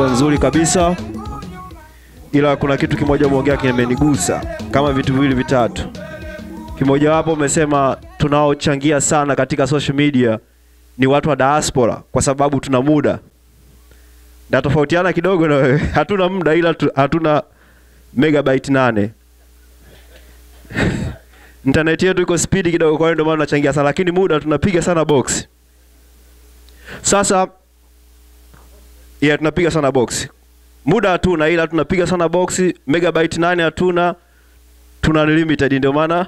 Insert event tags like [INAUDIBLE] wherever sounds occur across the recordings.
kubwa nzuri kabisa, ila kuna kitu kimoja umeongea kimenigusa, kama vitu viwili vitatu. Kimojawapo umesema tunaochangia sana katika social media ni watu wa diaspora, kwa sababu tuna muda. Natofautiana kidogo na wewe, [LAUGHS] hatuna muda, ila hatuna megabyte nane [LAUGHS] internet yetu iko spidi kidogo, kwa hiyo ndio maana tunachangia sana, lakini muda tunapiga sana box. Sasa ila tunapiga sana box. Muda hatuna, ila tunapiga sana box. Megabyte nane hatuna, tuna limited. Ndio maana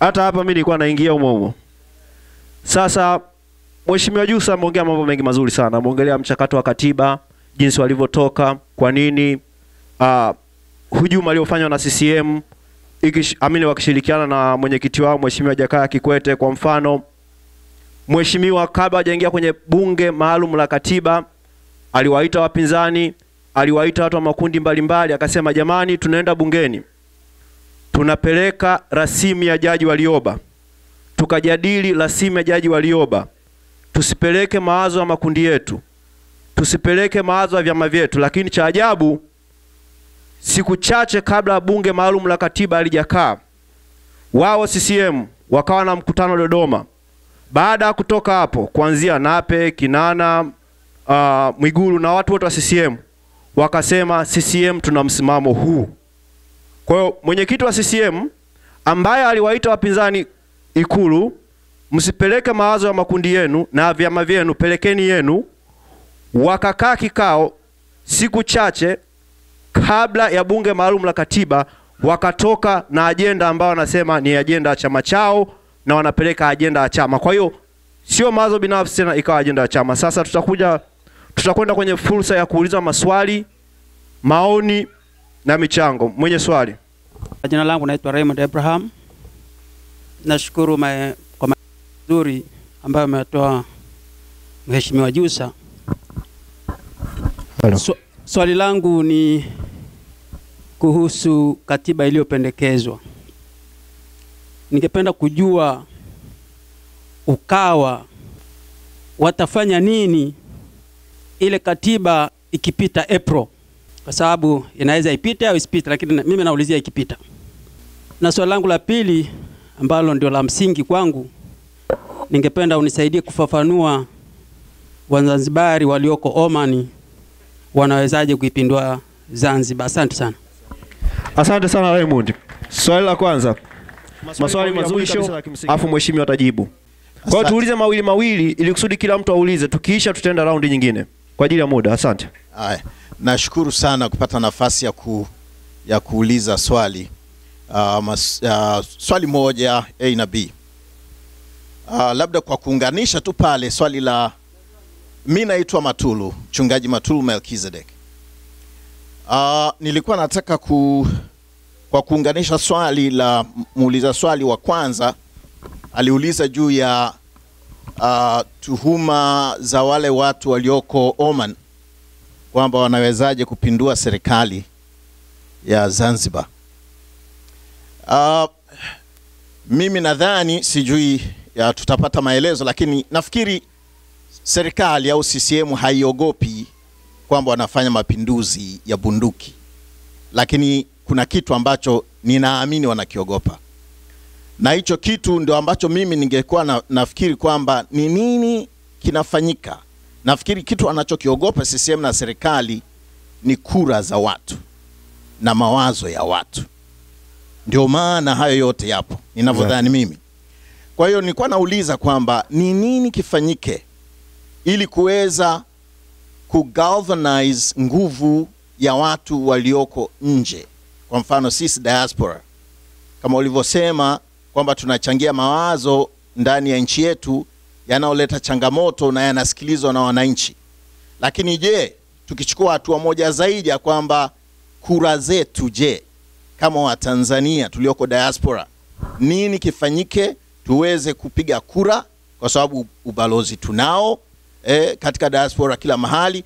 hata hapa mimi nilikuwa naingia humo humo. Sasa Mheshimiwa Jussa ameongea mambo mengi mazuri sana, ameongelea mchakato wa katiba, jinsi walivyotoka, kwa nini uh, hujuma aliyofanywa na CCM ikish, amini wakishirikiana na mwenyekiti wao Mheshimiwa Jakaya Kikwete. Kwa mfano, mheshimiwa kabla hajaingia kwenye bunge maalum la katiba aliwaita wapinzani, aliwaita watu wa makundi mbalimbali akasema jamani, tunaenda bungeni, tunapeleka rasimu ya Jaji Warioba tukajadili rasimu ya Jaji Warioba, tusipeleke mawazo ya makundi yetu, tusipeleke mawazo ya vyama vyetu. Lakini cha ajabu, siku chache kabla ya bunge maalum la katiba alijakaa wao CCM wakawa na mkutano Dodoma. Baada ya kutoka hapo, kuanzia Nape, Kinana, uh, Mwigulu na watu wote wa CCM wakasema CCM tuna msimamo huu. Kwa hiyo mwenyekiti wa CCM ambaye aliwaita wapinzani Ikulu, msipeleke mawazo ya makundi yenu na vyama vyenu, pelekeni yenu. Wakakaa kikao siku chache kabla ya bunge maalum la katiba, wakatoka na ajenda ambayo wanasema ni ajenda ya chama chao na wanapeleka ajenda ya chama. Kwa hiyo sio mawazo binafsi tena, ikawa ajenda ya chama. Sasa tutakuja Tutakwenda kwenye fursa ya kuuliza maswali, maoni na michango. Mwenye swali? Jina langu naitwa Raymond Abraham. Nashukuru ma, kwa mazuri ambayo umetoa Mheshimiwa jusa swali langu ni kuhusu katiba iliyopendekezwa. Ningependa kujua UKAWA watafanya nini ile katiba ikipita April, kwa sababu inaweza ipite au isipite, lakini mimi naulizia ikipita. Na swali langu la pili ambalo ndio la msingi kwangu, ningependa unisaidie kufafanua Wazanzibari walioko Omani wanawezaje kuipindua Zanzibar. Asante sana. Asante sana Raymond. Swali la kwanza maswali mazuri afu mheshimiwa atajibu. Kwa hiyo tuulize mawili mawili ili kusudi kila mtu aulize, tukiisha tutaenda raundi nyingine kwa ajili ya muda. Asante. Haya, nashukuru sana kupata nafasi ya, ku, ya kuuliza swali uh, mas, uh, swali moja A na B. Uh, labda kwa kuunganisha tu pale swali la mi naitwa Matulu, mchungaji Matulu Melkizedek. Uh, nilikuwa nataka ku, kwa kuunganisha swali la muuliza swali wa kwanza aliuliza juu ya uh, tuhuma za wale watu walioko Oman kwamba wanawezaje kupindua serikali ya Zanzibar. Uh, mimi nadhani sijui ya tutapata maelezo, lakini nafikiri serikali au CCM haiogopi kwamba wanafanya mapinduzi ya bunduki, lakini kuna kitu ambacho ninaamini wanakiogopa na hicho kitu ndio ambacho mimi ningekuwa na, nafikiri kwamba ni nini kinafanyika. Nafikiri kitu anachokiogopa CCM na serikali ni kura za watu na mawazo ya watu, ndio maana hayo yote yapo ninavyodhani mimi. Kwa hiyo nilikuwa nauliza kwamba ni nini kifanyike ili kuweza kugalvanize nguvu ya watu walioko nje, kwa mfano sisi diaspora, kama ulivyosema kwamba tunachangia mawazo ndani ya nchi yetu yanayoleta changamoto na yanasikilizwa na wananchi. Lakini je, tukichukua hatua moja zaidi ya kwamba kura zetu, je, kama Watanzania tulioko diaspora, nini kifanyike tuweze kupiga kura, kwa sababu ubalozi tunao eh, katika diaspora kila mahali.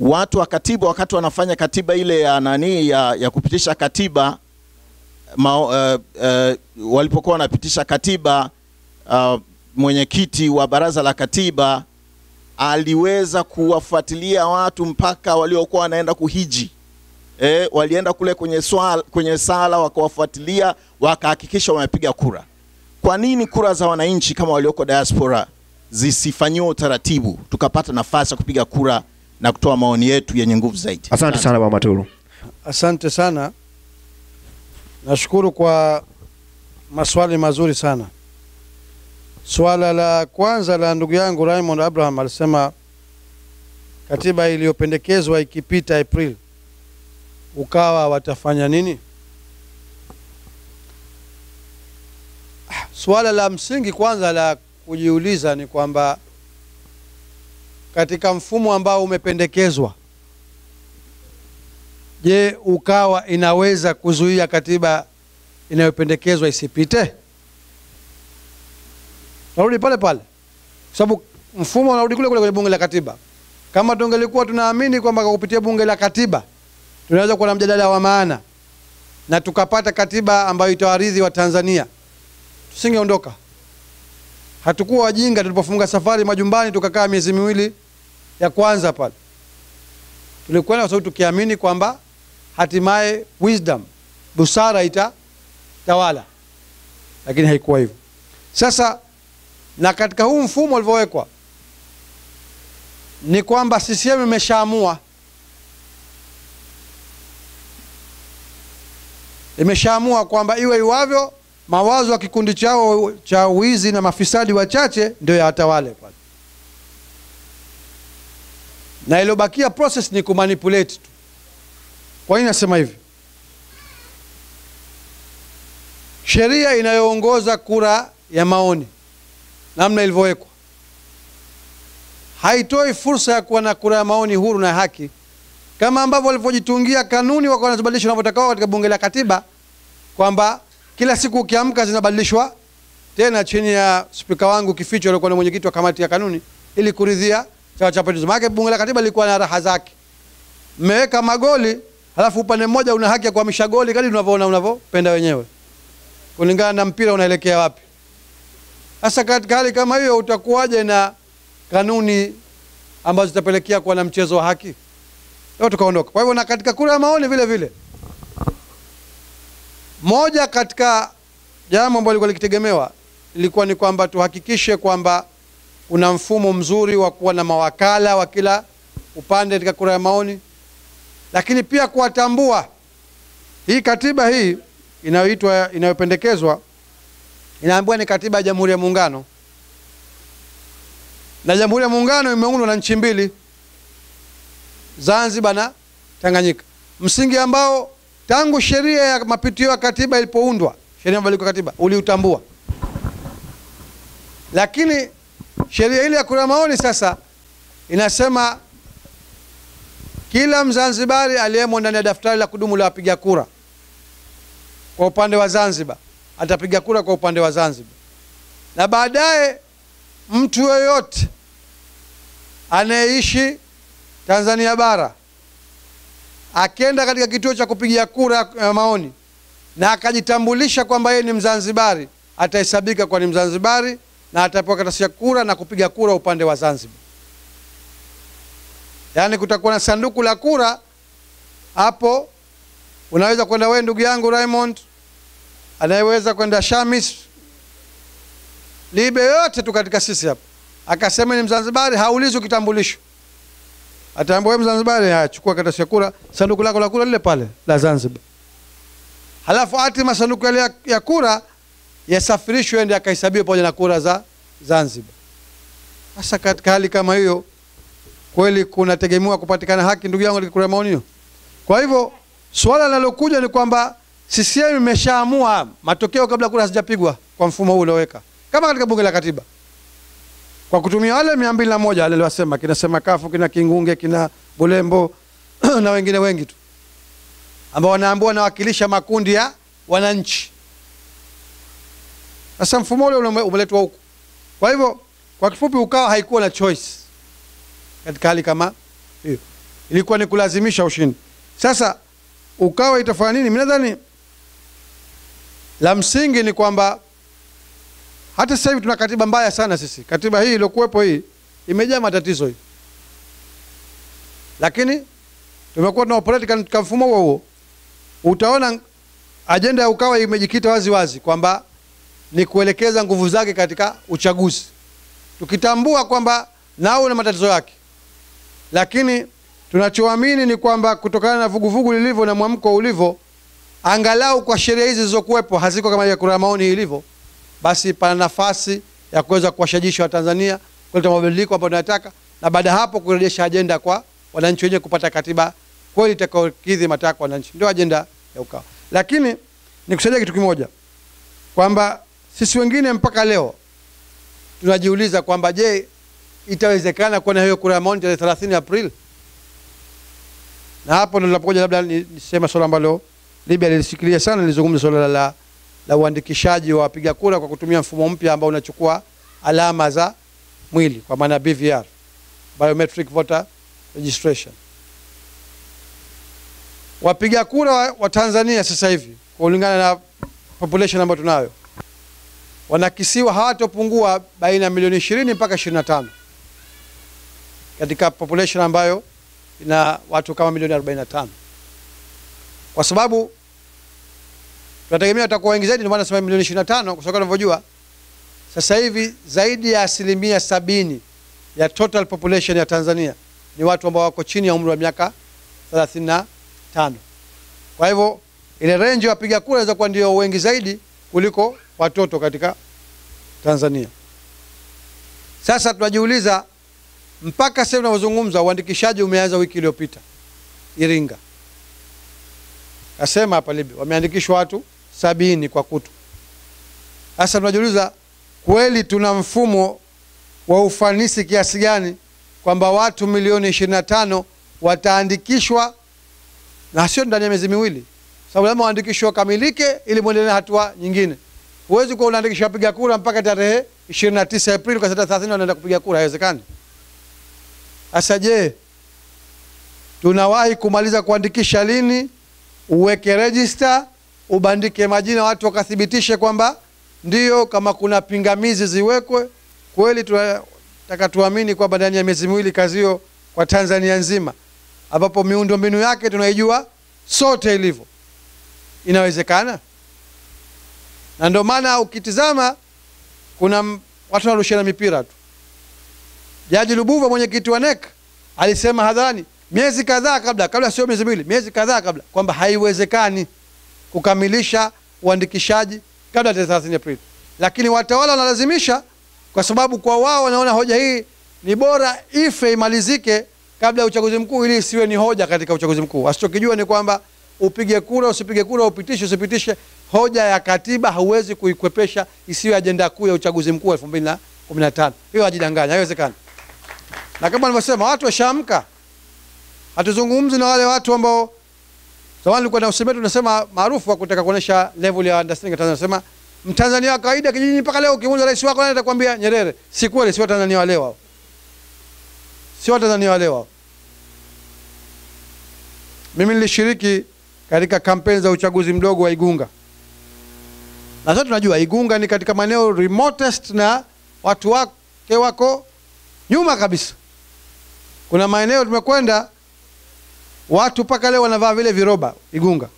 Watu wa katiba wakati wanafanya katiba ile ya nani ya, ya kupitisha katiba ma, uh, eh, uh, eh, walipokuwa wanapitisha katiba uh, mwenyekiti wa baraza la katiba aliweza kuwafuatilia watu mpaka waliokuwa wanaenda kuhiji. E, walienda kule kwenye, swala, kwenye sala wakawafuatilia wakahakikisha wamepiga kura. Kwa nini kura za wananchi kama walioko diaspora zisifanyiwe utaratibu tukapata nafasi ya kupiga kura na kutoa maoni yetu yenye nguvu zaidi? Asante sana Baba Asante sana. Nashukuru kwa maswali mazuri sana. Swala la kwanza la ndugu yangu Raymond Abraham alisema katiba iliyopendekezwa ikipita April ukawa watafanya nini? Swala la msingi kwanza la kujiuliza ni kwamba katika mfumo ambao umependekezwa Je, Ukawa inaweza kuzuia katiba inayopendekezwa isipite? Narudi pale pale, kwa sababu mfumo unarudi kule kule kwenye bunge la katiba. Kama tungelikuwa tunaamini kwamba kwa kupitia bunge la katiba tunaweza kuwa na mjadala wa maana na tukapata katiba ambayo itawaridhi wa Tanzania, tusingeondoka. Hatukuwa wajinga tulipofunga safari majumbani tukakaa miezi miwili ya kwanza pale, tulikwenda kwa sababu tukiamini kwamba hatimaye wisdom, busara ita tawala lakini haikuwa hivyo. Sasa na katika huu mfumo ulivyowekwa ni kwamba CCM imeshaamua imeshaamua kwamba iwe iwavyo, mawazo ya kikundi chao cha wizi na mafisadi wachache ndio yawatawale na iliyobakia process ni kumanipulate tu. Kwa nini nasema hivi? Sheria inayoongoza kura ya maoni namna ilivyowekwa haitoi fursa ya kuwa na kura ya maoni huru na haki, kama ambavyo walivyojitungia kanuni wako wanazobadilisha wanavyotaka katika bunge la katiba, kwamba kila siku ukiamka zinabadilishwa tena chini ya spika wangu Kificho alikuwa ni mwenyekiti wa kamati ya kanuni ili kuridhia Chama cha Mapinduzi. Maana bunge la katiba lilikuwa na raha zake, mmeweka magoli Halafu upande mmoja una haki ya kuhamisha goli kadri unavyoona unavyopenda wenyewe, kulingana na mpira unaelekea wapi. Sasa katika hali kama hiyo, utakuwaje na kanuni ambazo zitapelekea kuwa na mchezo wa haki? Leo tukaondoka. Kwa hivyo, na katika kura ya maoni vile vile, moja katika jambo ambalo lilikuwa likitegemewa ilikuwa ni kwamba tuhakikishe kwamba kuna mfumo mzuri wa kuwa na mawakala wa kila upande katika kura ya maoni lakini pia kuwatambua. Hii katiba hii inayoitwa inayopendekezwa inaambiwa ni katiba ya Jamhuri ya Muungano, na Jamhuri ya Muungano imeundwa na nchi mbili, Zanzibar na Tanganyika, msingi ambao tangu sheria ya mapitio ya katiba ilipoundwa, sheria ya mabadiliko ya katiba uliutambua, lakini sheria ile ya kura maoni sasa inasema kila Mzanzibari aliyemo ndani ya daftari la kudumu la wapiga kura kwa upande wa Zanzibar atapiga kura kwa upande wa Zanzibar, na baadaye mtu yoyote anayeishi Tanzania bara akienda katika kituo cha kupigia kura ya eh, maoni na akajitambulisha kwamba yeye ni Mzanzibari atahesabika kwa ni Mzanzibari na atapewa karatasi ya kura na kupiga kura upande wa Zanzibar yaani kutakuwa na sanduku la kura hapo. Unaweza kwenda wewe ndugu yangu Raymond, anayeweza kwenda Shamis Libe, yote tu katika sisi hapa, akasema ni Mzanzibari, haulizi kitambulisho, ataambia wewe Mzanzibari, achukua karatasi ya kura, sanduku lako la kura lile pale la Zanzibar, halafu ati masanduku yale ya kura yasafirishwe ende akahesabiwe pamoja na kura za Zanzibar. Sasa katika hali kama hiyo kweli kunategemewa kupatikana haki, ndugu yangu, nikikulia maoni hiyo. Kwa hivyo swala linalokuja ni kwamba CCM imeshaamua matokeo kabla kura hazijapigwa kwa mfumo huu ulioweka, kama katika bunge la katiba, kwa kutumia wale mia mbili na moja wale aliwasema kina Semakafu kina Kingunge kina Bulembo [CLEARS THROAT] na wengine wengi tu ambao wanaambua wanawakilisha makundi ya wananchi. Sasa mfumo ule umeletwa huku. Kwa hivyo, kwa kifupi, UKAWA haikuwa na choice katika hali kama hiyo, ilikuwa ni kulazimisha ushindi. Sasa ukawa itafanya nini? Mimi nadhani la msingi ni kwamba hata sasa hivi tuna katiba mbaya sana sisi. Katiba hii iliyokuwepo hii imejaa matatizo hii, lakini tumekuwa tuna operate katika mfumo huo huo. Utaona ajenda ya Ukawa imejikita wazi wazi kwamba ni kuelekeza nguvu zake katika uchaguzi, tukitambua kwamba nao na matatizo yake, lakini tunachoamini ni kwamba kutokana na vuguvugu lilivyo na mwamko ulivyo, angalau kwa sheria hizi zilizokuwepo haziko kama ile kura ya maoni ilivyo, basi pana nafasi ya kuweza kuwashajisha Watanzania kuleta mabadiliko ambayo tunayataka, na baada ya hapo kurejesha ajenda kwa wananchi wenyewe kupata katiba kweli itakayokidhi matakwa wananchi, ndio ajenda ya Ukawa. Lakini nikusaidia kitu kimoja kwamba sisi wengine mpaka leo tunajiuliza kwamba je, itawezekana kuwa na hiyo kura ya maoni tarehe 30 Aprili? Na hapo ndo napokuja labda nisema swala ambalo Libya lilishikilia sana, nilizungumza swala la, la uandikishaji wa wapiga kura kwa kutumia mfumo mpya ambao unachukua alama za mwili kwa maana BVR, biometric voter registration. Wapiga kura wa Tanzania sasa hivi kulingana na population ambayo tunayo wanakisiwa hawatopungua baina ya milioni 20 mpaka 25 katika population ambayo ina watu kama milioni 45, kwa sababu tunategemea watakuwa wengi zaidi, ndio maana nasema milioni 25, kwa sababu unavyojua sasa hivi zaidi ya asilimia sabini ya total population ya Tanzania ni watu ambao wako chini ya umri wa miaka 35. Kwa hivyo ile range ya wapiga kura inaweza kuwa ndio wengi zaidi kuliko watoto katika Tanzania. Sasa tunajiuliza mpaka sasa tunavyozungumza uandikishaji umeanza wiki iliyopita Iringa. Asema hapa Libi wameandikishwa watu sabini kwa kutu. Sasa tunajiuliza kweli tuna mfumo wa ufanisi kiasi gani kwamba watu milioni tano wataandikishwa na sio ndani ya miezi miwili, sababu lazima waandikishwe wakamilike ili mwendelee na hatua nyingine. Huwezi kuwa unaandikisha wapiga kura mpaka tarehe 29 Aprili, kwa saa 30 wanaenda kupiga kura, haiwezekani. Sasa je, tunawahi kumaliza kuandikisha lini? Uweke rejista, ubandike majina, watu wakathibitishe kwamba ndio Kama kuna pingamizi ziwekwe. Kweli tunataka tuamini kwamba ndani ya miezi miwili kazi hiyo kwa Tanzania nzima, ambapo miundombinu yake tunaijua sote ilivyo, inawezekana. Na ndio maana ukitizama kuna watu wanarushiana mipira tu Jaji Lubuva, mwenyekiti wa NEC, alisema hadharani miezi kadhaa kabla kabla, sio miezi miwili, miezi kadhaa kabla, kwamba haiwezekani kukamilisha uandikishaji kabla ya 30 Aprili, lakini watawala wanalazimisha kwa sababu kwa wao wanaona hoja hii ni bora ife imalizike kabla ya uchaguzi mkuu, ili isiwe ni hoja katika uchaguzi mkuu. Wasichokijua ni kwamba upige kura, usipige kura, upitishe, usipitishe, hoja ya katiba hauwezi kuikwepesha isiwe ajenda kuu ya uchaguzi mkuu 2015. Hiyo ajidanganya, haiwezekani na kama alivyosema watu washaamka. Hatuzungumzi na wale watu ambao zamani ulikuwa na usemetu unasema maarufu wa kutaka kuonesha level ya understanding Tanzania, nasema Mtanzania wa kawaida kijijini mpaka leo ukimuuliza rais wako nani Nyerere. Si kweli, si Watanzania wa leo Si Watanzania wa leo Mimi nilishiriki katika kampeni za uchaguzi mdogo wa Igunga. Na sasa tunajua Igunga ni katika maeneo remotest na watu wake wako nyuma kabisa kuna maeneo tumekwenda watu mpaka leo wanavaa vile viroba Igunga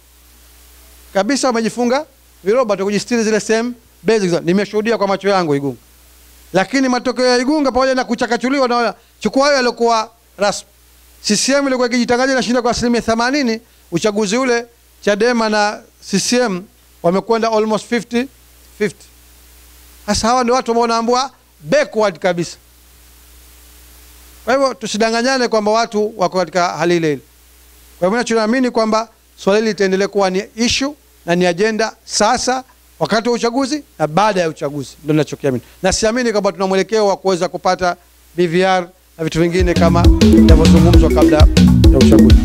kabisa, wamejifunga viroba tukujistiri zile sehemu basic. Nimeshuhudia kwa macho yangu Igunga, lakini matokeo ya Igunga pamoja na kuchakachuliwa na chukua hayo alikuwa rasmi, CCM ilikuwa ikijitangaza inashinda kwa asilimia themanini. Uchaguzi ule Chadema na CCM wamekwenda almost 50 50. Sasa hawa ndio watu ambao wanaambua backward kabisa. Kwa hivyo tusidanganyane kwamba watu wako katika hali ile ile. Kwa hivyo tunaamini kwamba swala hili litaendelea kuwa ni issue na ni ajenda sasa wakati wa uchaguzi na baada ya uchaguzi, ndio ninachokiamini, na siamini kwamba tuna mwelekeo wa kuweza kupata BVR na vitu vingine kama inavyozungumzwa kabla ya uchaguzi.